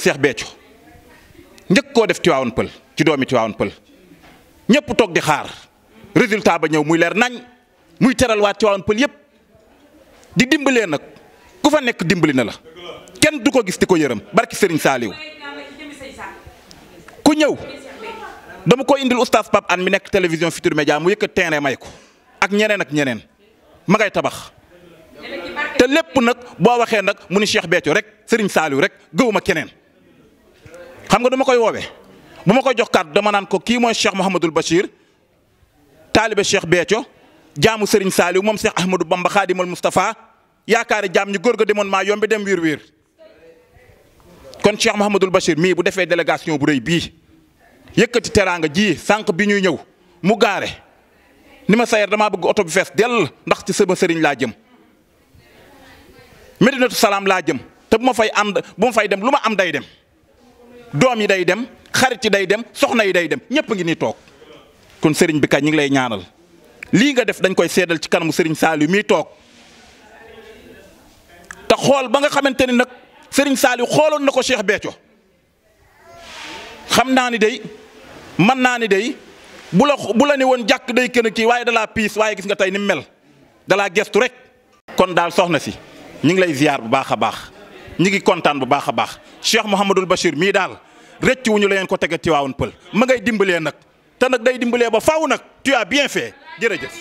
Seex Béthio njëkk koo def Tiwaawan Pël ci doomi Tiwaawan Pël ñépp toog di xaar résultat ba ñëw muy leer nañ muy teral waa Tiwaawan Pël yëpp di dimbalee nag ku fa nekk dimbali na la kenn du ko gis di ko yërëm barki Serigne Saliou ku ñëw dama ko indil oustaz Pape An mi nekk télévision Futur Média mu yëkkat terrain may ko ak ñeneen ak ñeneen ma ngay tabax te lépp nag boo waxee nag mu ni Cheikh Béthio rek Serigne Saliou rek gëwuma keneen. xam nga du koy woowe bu ma koy jox kàddu dama naan ko kii mooy Cheikh Mouhamadul Bachir taalibe Cheikh Béthio jaamu sëriñ Saliou moom Cheikh Ahmadou Bamba Khadimul Moustapha yaakaari jaam ñu góor ga demoon maa yombi dem wiir wiir kon Cheikh Mouhamadul Bachir mii bu defee délégation bu rëy bii yëkkati teraanga ji sànq bi ñuy ñëw mu gaare ni ma sayer damaa bëgg oto bi fees ndax ci sama sëriñ laa jëm Medinatu Salaam laa jëm te bu ma fay ànd bu ma fay dem lu ma am day dem. doom yi day dem xarit yi day dem soxna yi day dem ñëpp ngi ni toog kon sëriñ bi kañ ñu ngi lay ñaanal lii nga def dañ koy seedal ci kanamu sëriñ Saliou miy toog te xool ba nga xamante ni nag sëriñ saali xooloon na ko Cheikh Béthio xam naa ni day mën naa ni day bu la bu la ne woon jàkk day kën a kii waaye dalaa piis waaye gis nga tey ni mel dalaa gestu rek kon daal soxna si ñu ngi lay ziar bu baax a baax. ñi ngi kontaan bu baax a baax Cheikh Mouhamadul Bachir mii daal rëcc wu ñu la ngeen ko tege Tiwaawoon pël ma ngay dimbalee nag te nag day dimbalee ba faw nag bien as bien fait jërëjëf.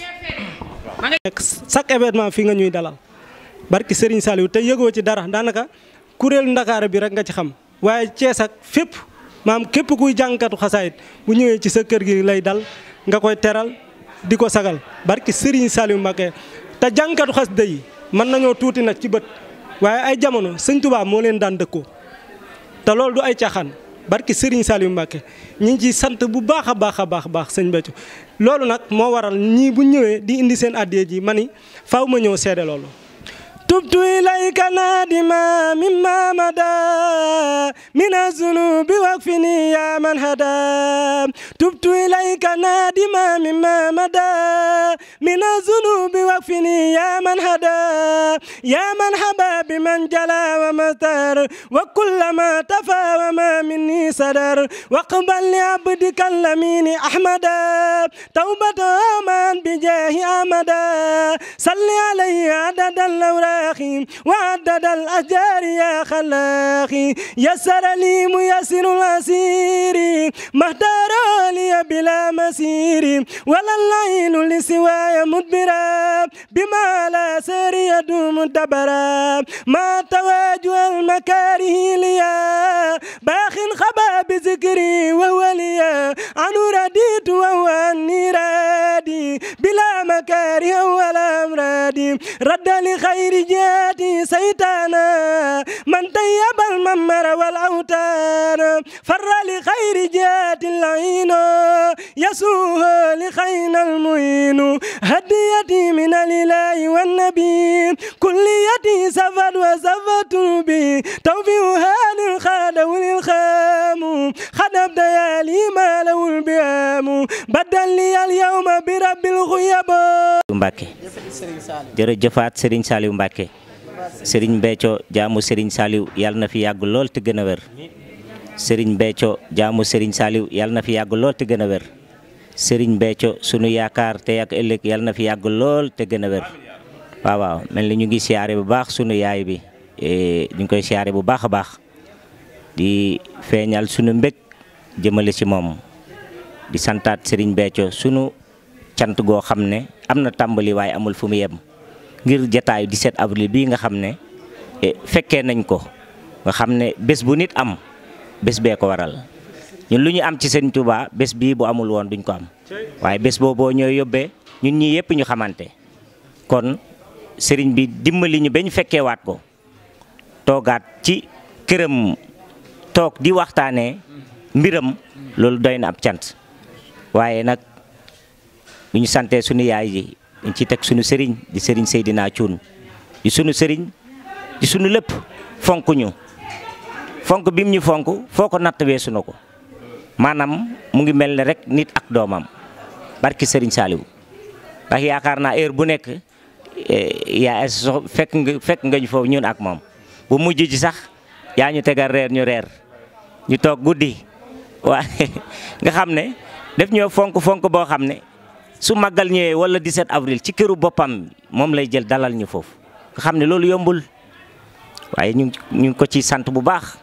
chaque événement fii nga ñuy dalal barki Serigne Saliou te yëgoo ci dara daanaka kuréel ndakaare bi rek nga ci xam waaye cee ak fépp maam képp kuy jàngkatu xasaayit bu ñëwee ci sa kër gi lay dal nga koy teral di ko sagal barki Serigne Saliou Mbacké te jàngkatu xas day mën nañoo tuuti nag ci bët. waaye ay jamono sëñ Touba moo leen daan dëkkoo te loolu du ay caaxaan barki Serigne Saliou Mbacké ñu ngi ciy sant bu baax a baax a baax baax sëñ Béthio loolu nag moo waral ñii bu ñëwee di indi seen addiya ji ma ni faaw ma ñëw seede loolu. تبت إليك نادما مما مدى من الذنوب واكفني يا من هدى تبت إليك نادما مما مدى من الذنوب واكفني يا من هدى يا من حبى بمن جلى ومتر وكلما تفى وما مني صدر واقبل لعبدك اللمين أحمدا توبة آمان بجاه أحمدا صل علي عددا لولا أخلاقي وعدد الأشجار يا خلاقي يسر لي ميسر الأسير ما اختار لي بلا مسير ولا الليل لسواي مدبرا بما لا سير يدوم دبرا ما تواجه المكاره ليا باخ خبا بذكري ووليا عن رديت وهو كارها ولا مرادي رد لخير جاتي سيتانا من طيب الممر والأوتان فر لخير جات العين يسوها لخين المعين هديتي من الإله والنبي كليتي سفد وسفدت بي توفيها Mbacke jërëjëfaat Serigne Saliou sëriñ Serigne Becco jaamu Serigne Saliou yàlla na fi yàgg lool te gën a wér Serigne Becco jaamu sëriñ saaliw yàlla na fi yàgg lool te gën a wér Serigne Becco sunu yaakaar te ak ëllëg yàlla na fi yàgg lool te gën a wér waaw waaw mel ni ñu ngi siyaare bu baax sunu yaay bi e, ñu ngi koy siyaare bu baax a baax di feeñal sunu mbég jëmale ci moom di santaat Serigne Becco sunu cant goo xam ne am na tàmbali waaye amul fu mu yem ngir di set avril bii nga xam ne e, fekkee nañ ko nga xam ne bés bu nit am bés bee ko waral ñun lu ñu am ci sëñ Touba bés bii bu amul woon duñ ko am waaye bés booboo ñoo yóbbee ñun ñii yëpp ñu xamante kon sëriñ bi dimbali ñu ba ñu fekkeewaat ko toogaat ci këram toog di waxtaanee mbiram loolu doy na ab cant waaye nag bu ñu santee suñu yaay ji dañ teg suñu sëriñ di sëriñ seydinaa Cuun di suñu sëriñ di suñu lépp fonk ñu fonk bi mu ñu fonk foo ko natt weesu na ko maanaam mu ngi mel ne rek nit ak doomam barki sëriñ Saaliw ndax yaakaar naa heure bu nekk e, yaa so fekk nga nga ñu ñun ak moom bu mujj ji sax yaa ñu tegal reer ñu reer ñu toog guddi waa nga xam ne def ñoo fonk fonk boo xam ne su màggal ñëwee wala 17 avril ci këru boppam moom lay jël dalal ñu foofu nga xam ne loolu yombul waaye ñu ñu ngi ko ci sant bu baax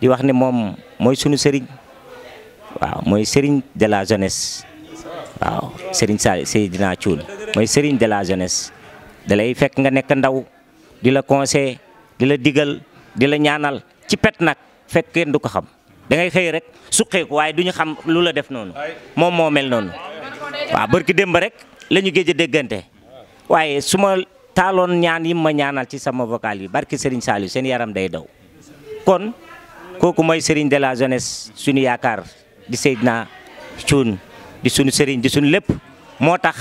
di wax ne moom mooy sunu sëriñ waaw mooy sëriñ de la jeunesse waaw sëriñ sa Seydina Thioune mooy sëriñ de la jeunesse da lay fekk nga nekk ndaw di la conseil di la digal di la ñaanal ci pet nag fekk kenn du ko xam da ngay xëy rek suqeeku waaye du ñu xam lu la def noonu moom moo mel noonu waaw barki démb rek la ñu géej a déggante waaye su ma taaloon ñaan yi ma ñaanal ci sama vocal yi barki Serigne saalu seen yaram day daw kon kooku mooy Serigne de la jeunesse suñu yaakaar di Seydina Thioune di suñu Serigne di suñu lépp moo tax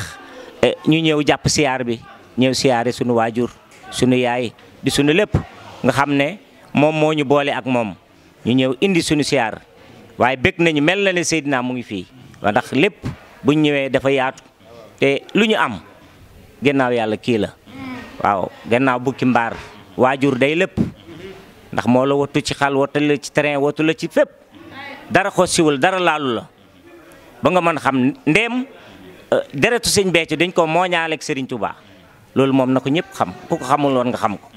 eh, ñu ñëw jàpp siyaar bi ñëw siyaare suñu waajur suñu yaay di suñu lépp nga xam ne moom moo ñu boole ak moom ñu ñëw indi suñu siyaar waaye bëgg nañu mel na ne Seydina mu ngi fii ndax lépp buñ ñëwee dafa yaatu te lu ñu am gannaaw yàlla kii la waaw gannaaw bukki mbaar waajur day lépp ndax moo la wattu ci xal wattu la ci terrain wattu la ci fépp dara xossiwul dara laalu la ba nga mën xam ndéem euh, deretu sëñ Béthio dañ ko mooñaale ak Serigne Touba loolu moom na ko ñëpp xam ku ko xamul woon nga xam ko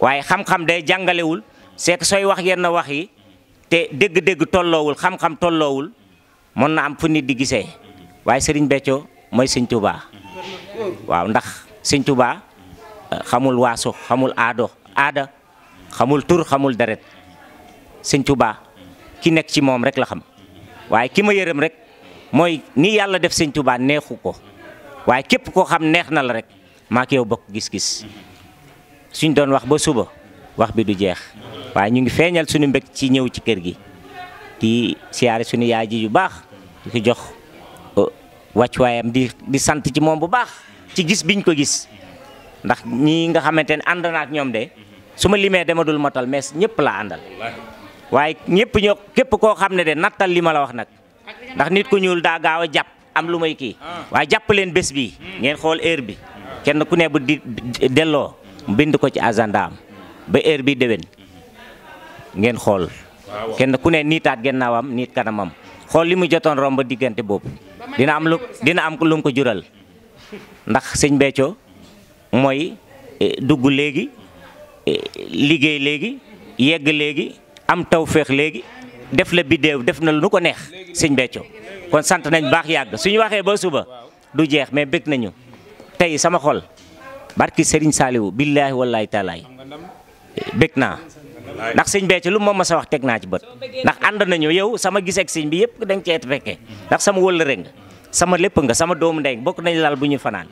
waaye xam-xam day jàngalewul c'est que sooy wax yenn wax yi te dégg-dégg tolloowul xam-xam tolloowul mën na am fu nit di gisee waaye sëriñ Béthio mooy sëñ Touba waaw ndax sëñ euh, xamul waaso xamul aado aada xamul tur xamul deret sëñ ki nekk ci moom rek la xam waaye ki ma yërëm rek mooy ni yàlla def sëñ neexu ko waaye képp koo xam neex na la rek maa ak bokk gis-gis suñ doon wax ba suba wax bi du jeex waaye ñu ngi feeñal suñu mbég ci ñëw ci kër gi di siyaare suñu yaay ji yu baax di ko jox wàccuwaayam di di sant ci moom bu baax ci gis biñ ko gis ndax ñii nga xamante ne ànd na ñoom de su ma limee dama dul motal mees ñëpp laa àndal waaye ñëpp ñoo képp koo xam ne de nattal li ma la wax nag ndax nit ku ñuul daa gaaw a jàpp am lu may kii waaye jàpp leen bés bi ngeen xool heure bi kenn ku ne bu di delloo bind ko ci agenda am ba heure bi dewen ngeen xool kenn ku ne niitaat gannaawam niit kanamam xool li mu jotoon romb diggante boobu dina am lu dina am lu mu ko jural ndax sëñ Béthio mooy eh, dugg léegi eh, liggéey léegi yegg léegi am taw féex léegi def la biddéew def na lu ko neex sëñ Béthio kon sant nañ baax yàgg suñu waxee ba suba du jeex mais bëgg nañu tey sama xol barki Serigne Saliou billaahi wallaahi taalaay eh, bëgg naa ndax sëñ bee ci lu ma mës a wax teg naa bët ndax ànd nañu yow sama gis ak bi yëpp dañ cee fekkee ndax sama wëllëre nga sama lépp nga sama doomu ndey bokk nañ laal bu ñu fanaan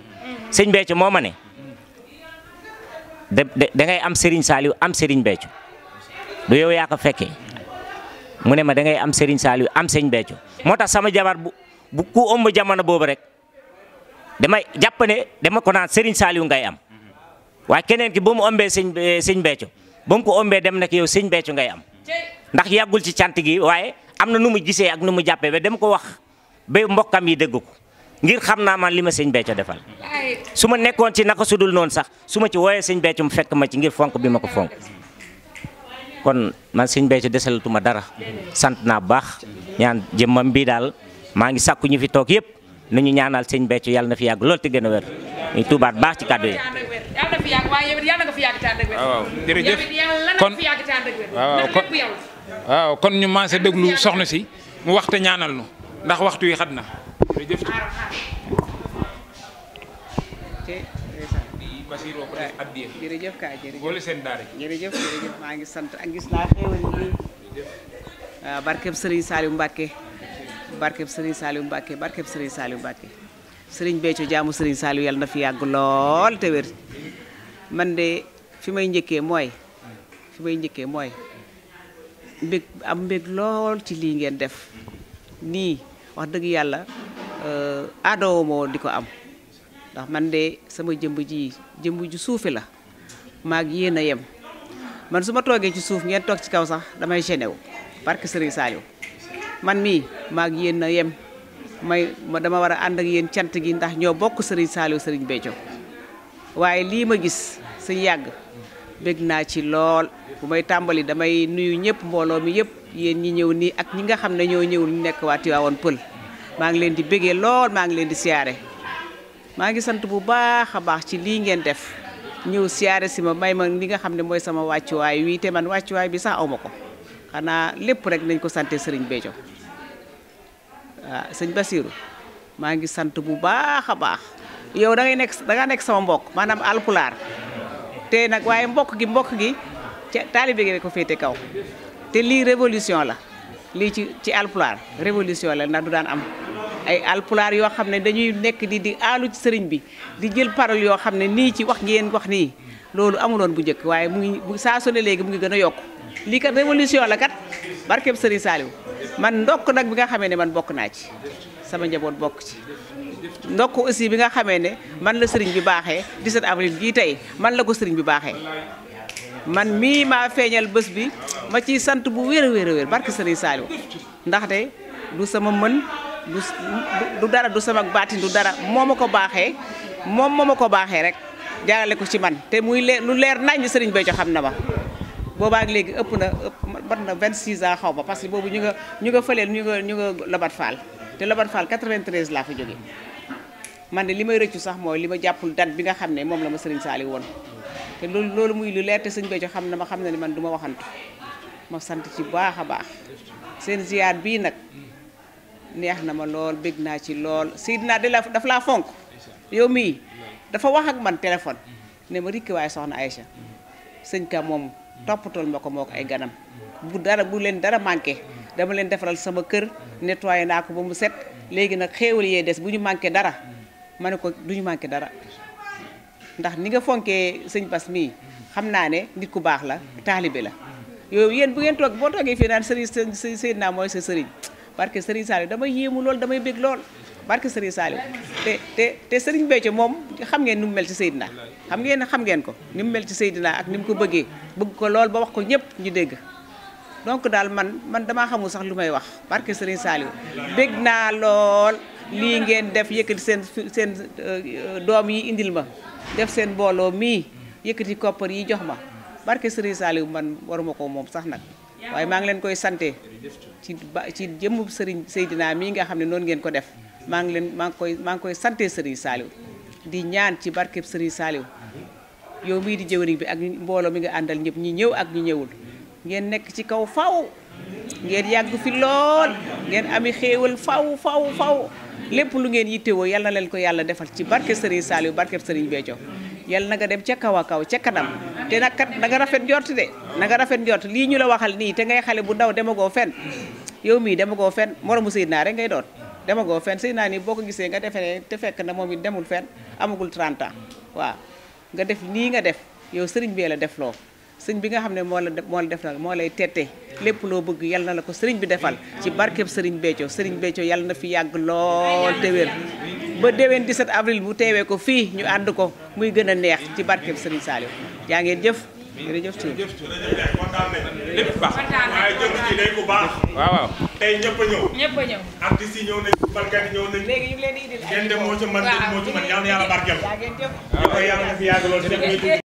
sëñ bee moo ma ne da da ngay am Serigne Saliou am Serigne Béthio yow yaa ko fekkee mu ne ma da ngay am Serigne Saliou am Serigne moo tax sama jabar bu bu ku omb jamono boobu rek damay jàpp ne dama ko naan Serigne Saliou ngay am waaye keneen ki ba mu ëmbee Serigne Serigne ba mu ko ëmbee dem nekk yow sëñ beccu ngay am ndax yàggul ci cant gi waaye am na nu mu gisee ak nu mu jàppee ba dem ko wax ba mbokkam yi dégg ko ngir xam naa man li ma sëñ beccu defal su ma nekkoon ci naka dul noonu sax su ma ci wooyee sëñ beccu mu fekk ma ci ngir fonk bi ma ko fonk kon man sëñ beccu desalatuma dara sant naa baax ñaan jëmmam bii daal maa ngi sàkku ñu fi toog yëpp na ñaanal sëñ Béthio yàlla na fi yàgg lool te gën a wér ñu tuubaat baax ci kàddu yi. yàlla na fi te ànd ak wér. waaw jërëjëf kon waaw kon waaw kon ñu maase déglu soxna si mu waxte ñaanal lu ndax waxtu yi xat na jërëjëf. jërëjëf jërëjëf maa ngi sant ak gis naa xéewal yi waaw barkeb Sëriñ Saliou Mbacke barkeb Serigne Saliou Mbacke barkeb Serigne Saliou Mbacke Serigne Béthio jaamu Serigne Saliou yàlla na fi yàgg lool te wér man de fi may njëkkee mooy fi may njëkkee mooy mbég am mbég lool ci lii ngeen def nii wax dëgg yàlla euh, aadoo moo di ko am ndax man de sama jëmb ji jëmb ju suufi la maag yéen a yem man su ma toogee ci suuf ngeen toog ci kaw sax damay génnew barke Serigne Saliou man mii maa yéen a yem may dama war a ànd ak yéen cant gi ndax ñoo bokk sëriñ Saliou Serigne Béthio waaye lii ma gis suñ yàgg bég naa ci lool bu may tàmbali damay nuyu ñëpp mbooloo mi yëpp yéen ñi ñëw nii ak ñi nga xam ne ñoo ñëwul ñu nekk waa Tiwaawoon Pël maa ngi leen di béggee lool maa ngi leen di siyaare maa ngi sant bu baax a baax ci lii ngeen def ñëw siyaare si ma may ma li nga xam ne mooy sama wàccuwaay wii te man wàccuwaay bi sax aw ma ko xanaa lépp rek nañ ko sante sëriñ Béthio waaw ah, sëñ Basiru maa ngi sant bu baax a baax yow da nekk danga nekk sama mbokk maanaam alpulaar te nag waaye mbokk gi mbokk gi ca taalibe gi ko féete kaw te lii révolution la lii ci ci alpulaar révolution la na du daan am ay alpulaar yoo xam ne dañuy nekk di di aalu ci sëriñ bi di jël parole yoo xam ne nii ci wax ngeen wax nii loolu amuloon bu njëkk waaye mu ngi saa su ne léegi mu ngi gën a yokku lii kat révolution la kat barkeb Serigne Saliou man ndokk nag bi nga xamee ne man bokk naa ci sama njaboot bokk ci ndokk aussi bi nga xamee ne man la Serigne bi baaxee di 17 avril gii tey man la ko sëriñ bi baaxee man mii maa feeñal bés bi ma ciy sant bu wér a wér a wér barke Serigne Saliou ndaxte du sama mën du dara du sama baatin du dara moo ma ko baaxee moom moo ma ko baaxee rek jaarale ko ci man te muy leer lu leer nañ Serigne Béthio xam na ma. boobaak léegi ëpp na mat na 26 ans xaw ma parce que boobu ñu nga ñu nga fëleel ñu nga ñu nga Labat Fall te Labat Fall 93 laa fa jóge man de li may rëccu sax mooy li ma jàppul date bi nga xam ne moom la ma Serigne Saliou woon te loolu loolu muy lu leer te sëñ Béthio xam na ma xam na ne man du ma waxantu ma sant ci baax a baax seen ziar bii nag neex na ma lool bég naa ci lool Seydina de la daf laa fonk yow mii dafa wax ak man téléphone ne ma rikki waaye soxna Aïcha sëñ ka moom toppatal ma ko moo ko ay ganam bu dara bu leen dara manqué dama leen defaral sama kër nettoyé naa ko ba mu set léegi nag xéewal yee des bu ñu manqué dara ma ne ko du ñu manqué dara ndax ni nga fonkee sëñ Bass mii xam naa ne nit ku baax la taalibe la yooyu yéen bu ngeen toog boo toogee fii naan sëriñ sëriñ naa mooy sa sëriñ parce que sëriñ Saliou damay yéemu lool damay bég lool barke Serigne Saliou te te te Serigne Béthio moom xam ngeen ni mu mel ci Seydina xam ngeen xam ngeen ko ni mu mel ci Seydina ak ni mu ko bëggee bëgg ko lool ba wax ko ñëpp ñu dégg donc daal man man damaa xamul sax lu may wax barke Serigne Saliou bég naa lool lii ngeen def yëkkati seen seen euh, doom yi indil ma def seen mbooloo mii yëkkati koppar yi jox ma barke Serigne Saliou man waruma ko moom sax nag waaye maa ngi leen koy sante ci ba ci jëmm Serigne Seydina mii nga xam ne noonu ngeen ko def maa ngi leen maa ngi koy maa ngi koy sante Serigne Saliou di ñaan ci barkeb Serigne saaliw yow mii di jëwriñ bi ak mbooloo mi nga àndal ñëpp ñi ñëw ak ñu ñëwul ngeen nekk ci kaw faw ngeen yàgg fi lool ngeen ami xéewal faw faw faw lépp lu ngeen yittewoo yal na leen ko yàlla defal ci barke Serigne Saliou barkeb Serigne Béthio yal na dem ca kaw a kaw ca kanam te nag kat na nga rafet njort de na nga rafet njort lii ñu la waxal nii te ngay xale bu ndaw demagoo fen yow mii demagoo fen moromu naa rek ngay doon demagoo fenn sëy naa ni boo ko gisee nga defee ne te fekk na moom it demul fen amagul 30 ans waaw nga def nii nga def yow sëriñ bee la def loo sëriñ bi nga xam ne moo la moo la def moo lay tette lépp loo bëgg yal na la ko sëriñ bi defal ci barkeb sëriñ Béthio sëriñ Béthio yal na fi yàgg lool te ba déwén 17 avril bu teewee ko fii ñu ànd ko muy gën a neex ci barkeb sëriñ Saliou jaa ngeen jëf jërëjëf ci jërëjëf ci kontaan nañ lépp baax waaye jëm ci day ku baax waaw waaw tey ñëpp a ñëw ñëpp a ñëw artiste yi ñëw nañ barkat yi ñëw nañ léegi ñu ngi leen di indil ngeen dem moo ci man moo ci man yàlla na yàlla barkeel ko yàlla na fi yàgg lool